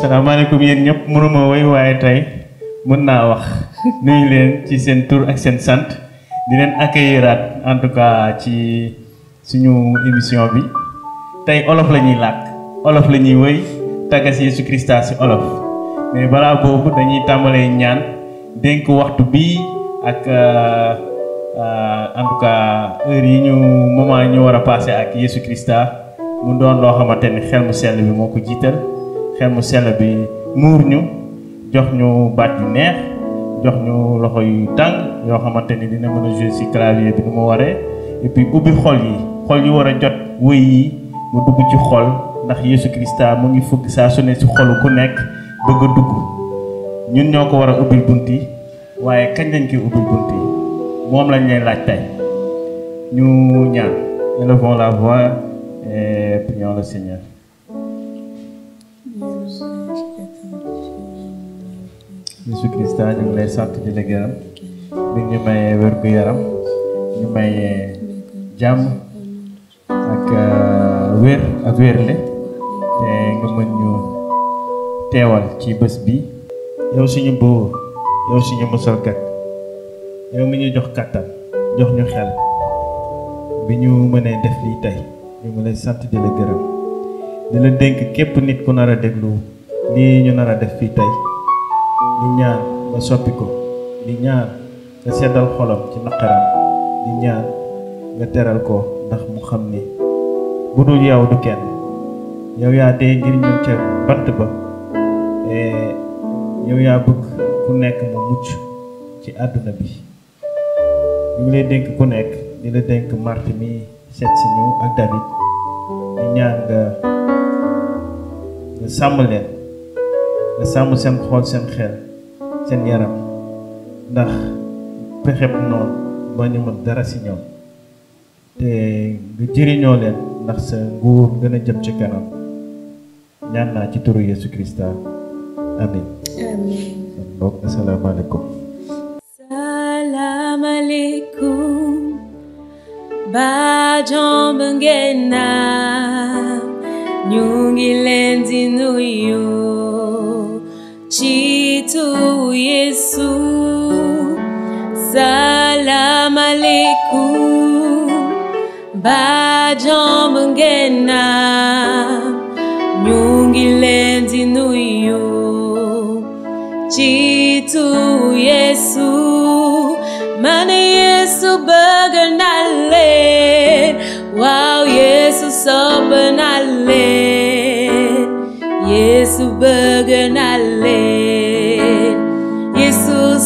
salaamaaleykum yéen ñëpp mënuma woy waaye tey mën naa wax nuyu leen ci seen tur ak seen sant di leen accueilliraat en tout cas ci suñu émission bi tey olof la ñuy làkk olof la ñuy woy taggas Yeesu Krista si olof mais balaa boobu dañuy tàmbalee ñaan dénk waxtu bii ak euh, euh, en tout cas heure yi ñu moment ñu war a passé ak Yeesu Krista mu doon loo xamante ni xel mu sell bi moo ko jiital xel mu sell bi muur ñu jox ñu baat yu neex jox ñu loxo yu tàng yoo xamante ni dina mën a jouer ci clavier bi nu mu waree et ubbi xol yi xol yi war a jot wéy yi mu dugg ci xol ndax Yesu Christa mu ngi fukk saa su ne ci xolu ku nekk bëgg a dugg ñun ñoo ko war a ubbil bunt yi waaye kañ lañ koy ubbil bunt yi moom lañ leen laaj tey ñu ñaan élevons la voix et prions le Yesu Christa ñu ngi lay sant di la gërëm bi ñu mayee wér gu yaram ñu mayee jàmm ak euh, wér ak wérle te nga mën ñu teewal ci bés bi yow suñu boobu yow suñu musalkat yow mi ñu jox kàttan jox ñu xel bi ñu mënee def fii tey ñu ngi lay sant di la gërëm di képp nit ku nar a déglu lii ñu nar a def fii tey di ñaan nga soppi ko di ñaar nga seddal xolam ci naqaram di ñaan nga teral ko ndax mu xam ni bu dul yow du kenn yow yaa dee ngir ñu ca bant ba eh, yow yaa bëgg ku nekk mu mucc ci àdduna bi ñu ngi dénk ku nekk di la dénk Marthe mi seet si ñu ak David di ñaan nga sàmm leen sàmm seen xool seen xel seen yaram ndax pexeb noonu ba ñu mën dara si ñoom te nga jëriñoo leen ndax sa nguur gën a jëm ci kanam ñaan naa ci turu Yesu Krista amin ba jomb ngeen ñu ngi leen di nuyu wetu Yesu. Salam aleikum, bajam ngena nyungi lendi nuyo chitu Yesu mane Yesu bagal nalle wow Yesu sobenale Yesu bagal nalle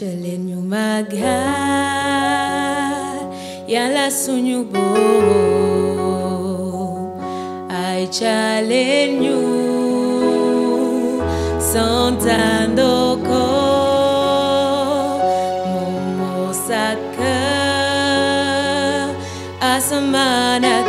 ca leen ñu màggal yàlla suñu boroom ay ca leen ñu santandoo ko moom moo sàkk asamaan ak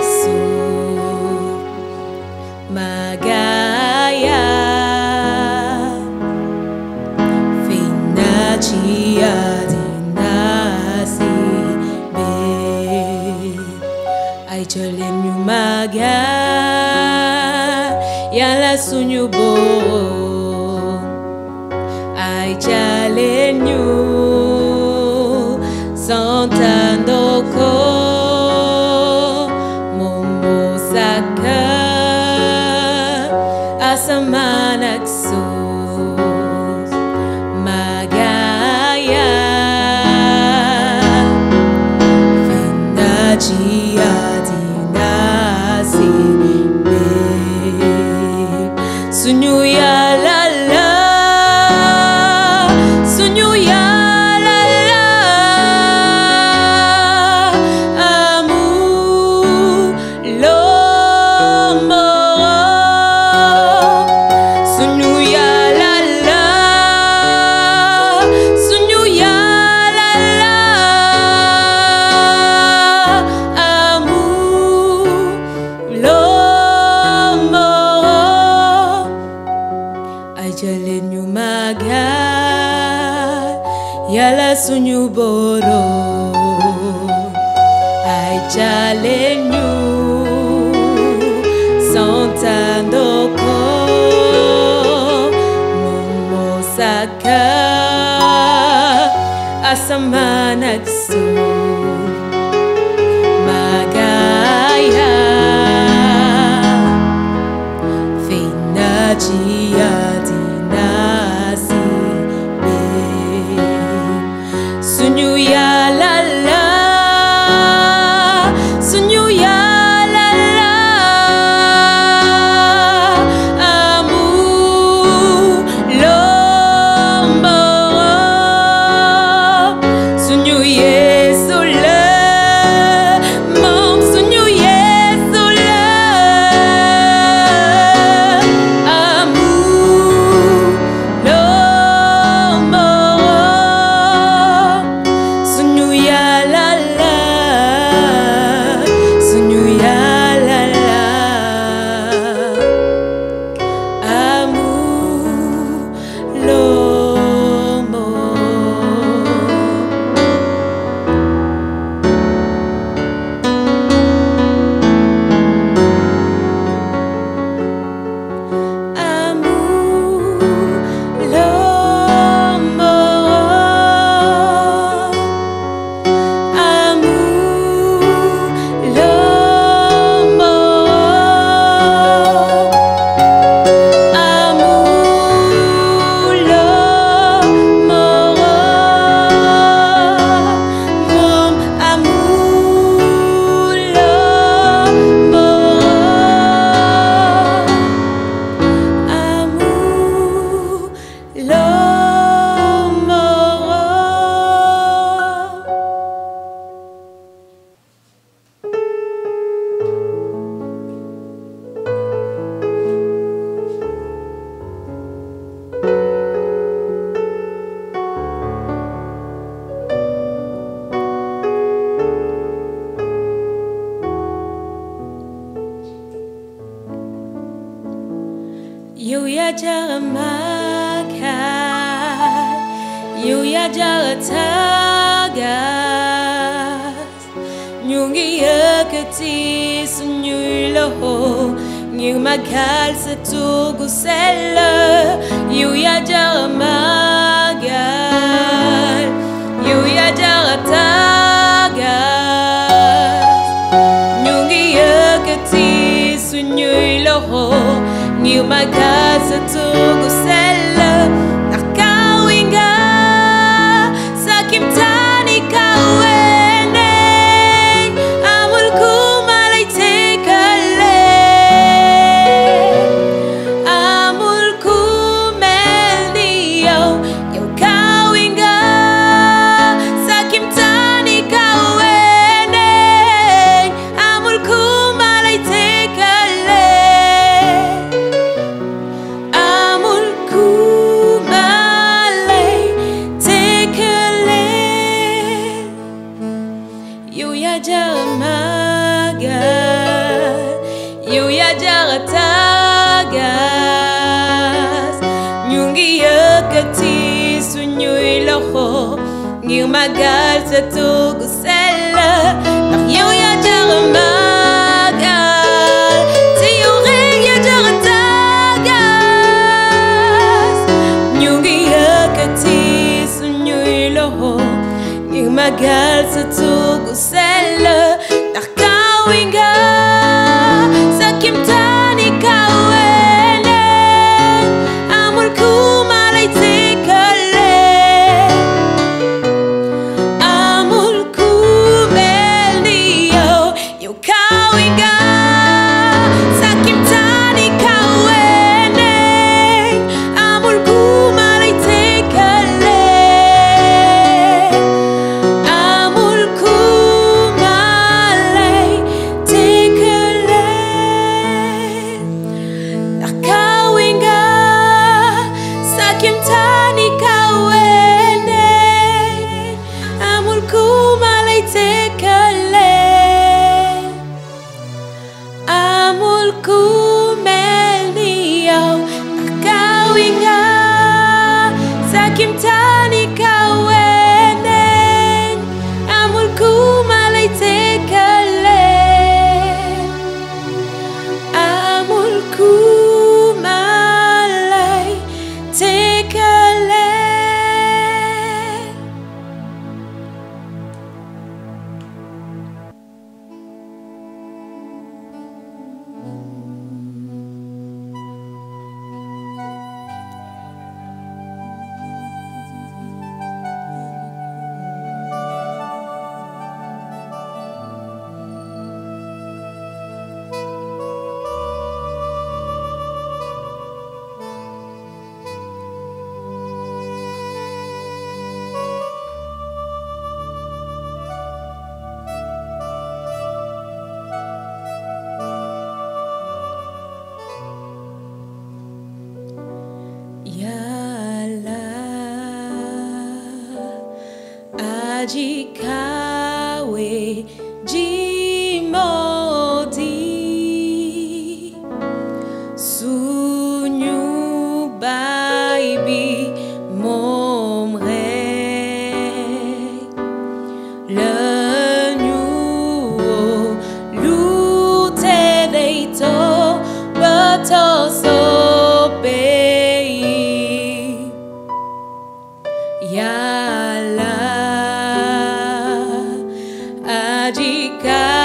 ay ca leen ñu magal yàlla suñu borom ay ca leen ñu santandoo ko sama nagsulat magaya Fina 有呀叫马卡，有呀叫他嘎，有你呀个提是女罗，有马卡是土古塞勒，有呀叫马嘎，有呀叫他嘎，有你呀个提是女罗。you my God, loxo ngir màggal sa tur gu sell ndax yow yaa jar a màggal te yow rek yaa jar a tàggat ñu ngi yëkkati loxo ngir màggal sa tur gu de casa.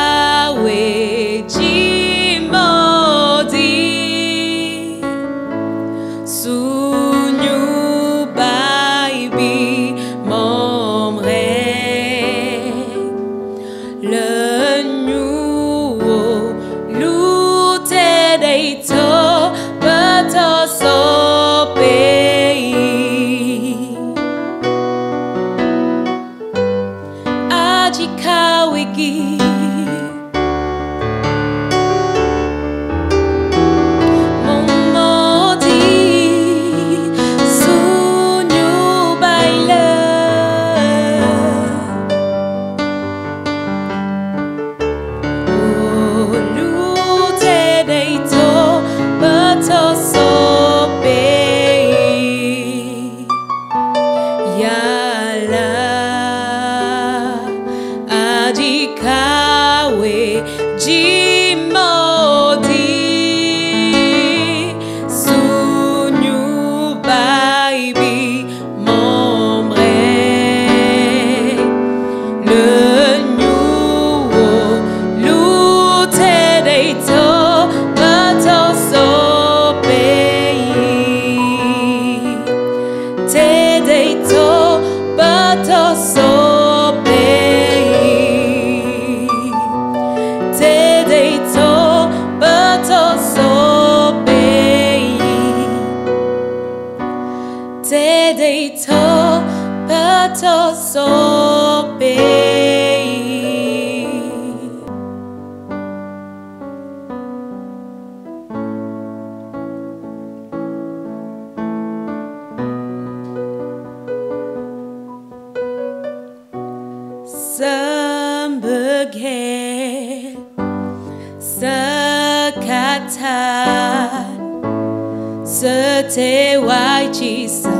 să te uai, ci să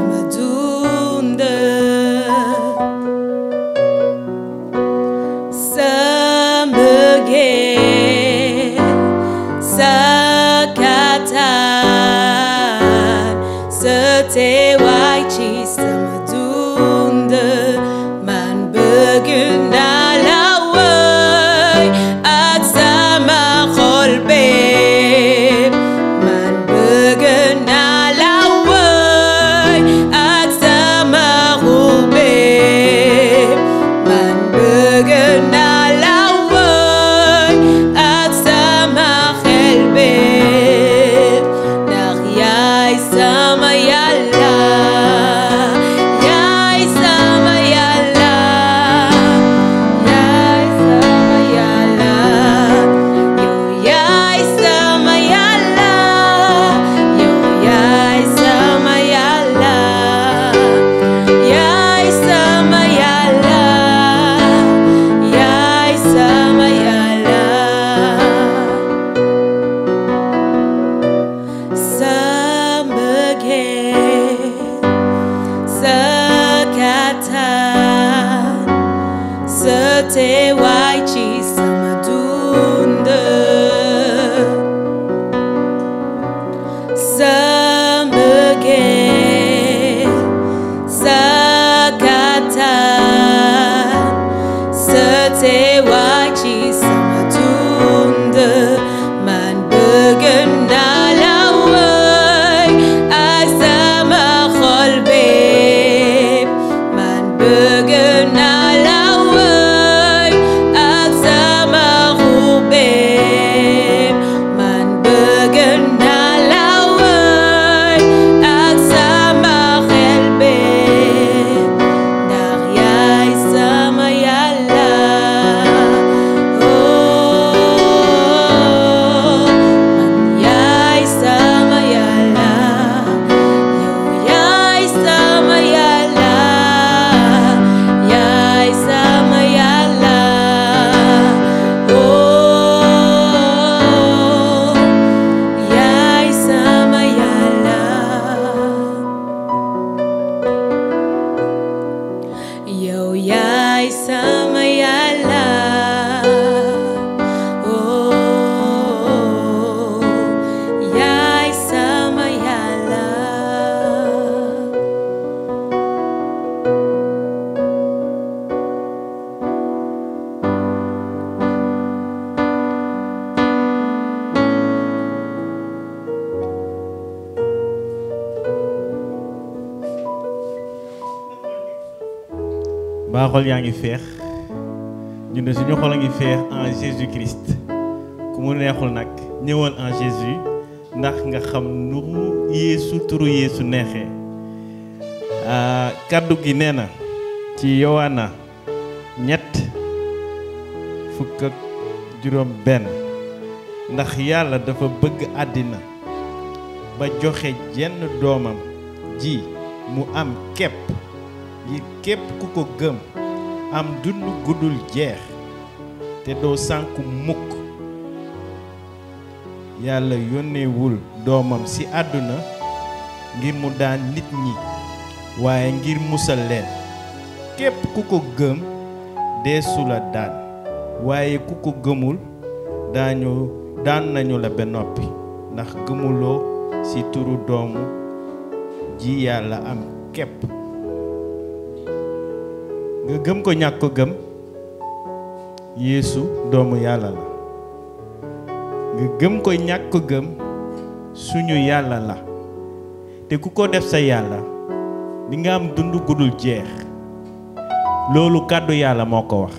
xol yaa ngi feex ñun de suñu xol a ngi feex en Jésus Christ ku mu neexul nag ñëwal en Jésus ndax nga xam nu Yeesu turu Yeesu neexee ah, kàddu gi nee na ci Yowaana ñett fukk ak juróom benn ndax yàlla dafa bëgg àddina ba joxe jenn doomam ji mu am képp ngir képp ku ko gëm am dund guddul jeex te doo sànku mukk yàlla yónneewul doomam ci àdduna ngir mu daan nit ñi waaye ngir musal leen képp ku ko gëm deesu daan waaye ku ko gëmul daañu daan nañu la ba noppi ndax gëmuloo ci turu doomu ji yàlla am képp nga gëm ko ñàkk ko gëm yéesu doomu yàlla la nga gëm ko ñàkk ko gëm suñu yàlla la te ku ko def sa yàlla di nga am dund gudul jeex loolu kàddu yàlla moo ko wax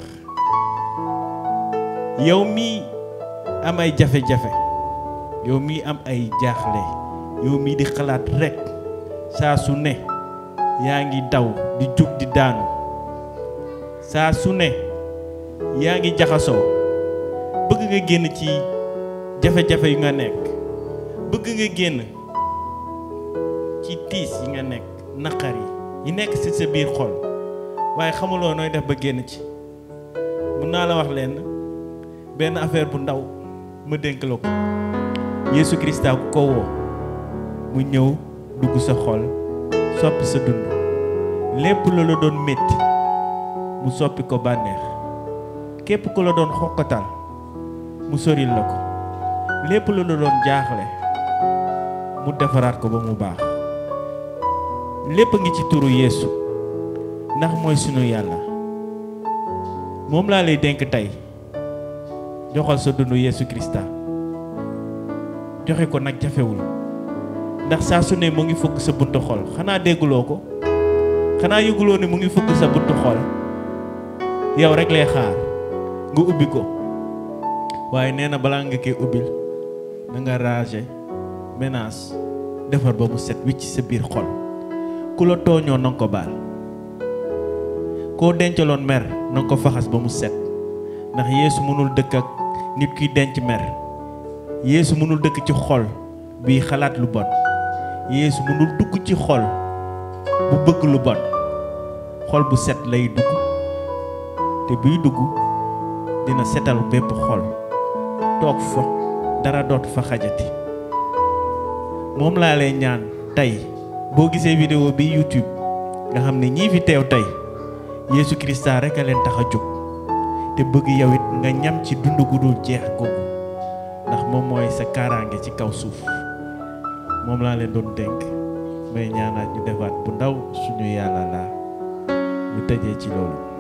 yow mii am ay jafe-jafe yow mii am ay jaaxle yow di xalaat rekk saa su ne yaa ngi daw di jug di daanu saa su ne yaa ngi jaxasoo bëgg nga génn ci jafe-jafe yu nga nekk bëgg nga génn ci tiis yi nga nekk naqar yi yi nekk ci sa biir xol waaye xamuloo nooy def ba génn ci mun naa la wax leen benn affaire bu ndaw ma dénk la ko Yeesu Krista ku mu ñëw dugg sa xol soppi sa dund lépp loolu doon métti mu soppi ko bànneex képp ku la doon xokkatal mu soril la ko lépp lu la doon jaaxle mu defaraat ko ba mu baax lépp ngi ci turu Yeesu ndax mooy sunu yàlla moom laa lay dénk tey joxal sa dundu Yeesu Krista joxe ko nag jafewul ndax saa su ne mu ngi fukk sa buntu xol xanaa dégguloo ko xanaa yëguloo ne mu ngi fëgg sa buntu xol yow rek lay xaar nga ubbi ko waaye nee na balaa nga koy ubbil na nga raage defar ba mu set wicc sa biir xol ku la tooñoo na nga ko baal koo dencaloon mer na ko faxas ba mu set ndax yéesu mënul dëkk ak nit kuy denc mer yéesu mënul dëkk ci xol bii xalaat lu bon Yeesu mënul dugg ci xol bu bëgg lu bon xol bu set lay dugg te buy dugg dina setal bépp xol toog fa dara dootu fa xajati moom laa lay ñaan tey boo gisee vidéo bi YouTube nga xam ne ñii fi teew tey Yeesu Krista rek a leen tax a jóg te bëgg yow it nga ñam ci dund gu jeex googu ndax moom mooy sa kaaraange ci kaw suuf moom laa leen doon dénk may ñaanaat ñu defaat bu ndaw suñu yàlla laa ñu tëjee ci loolu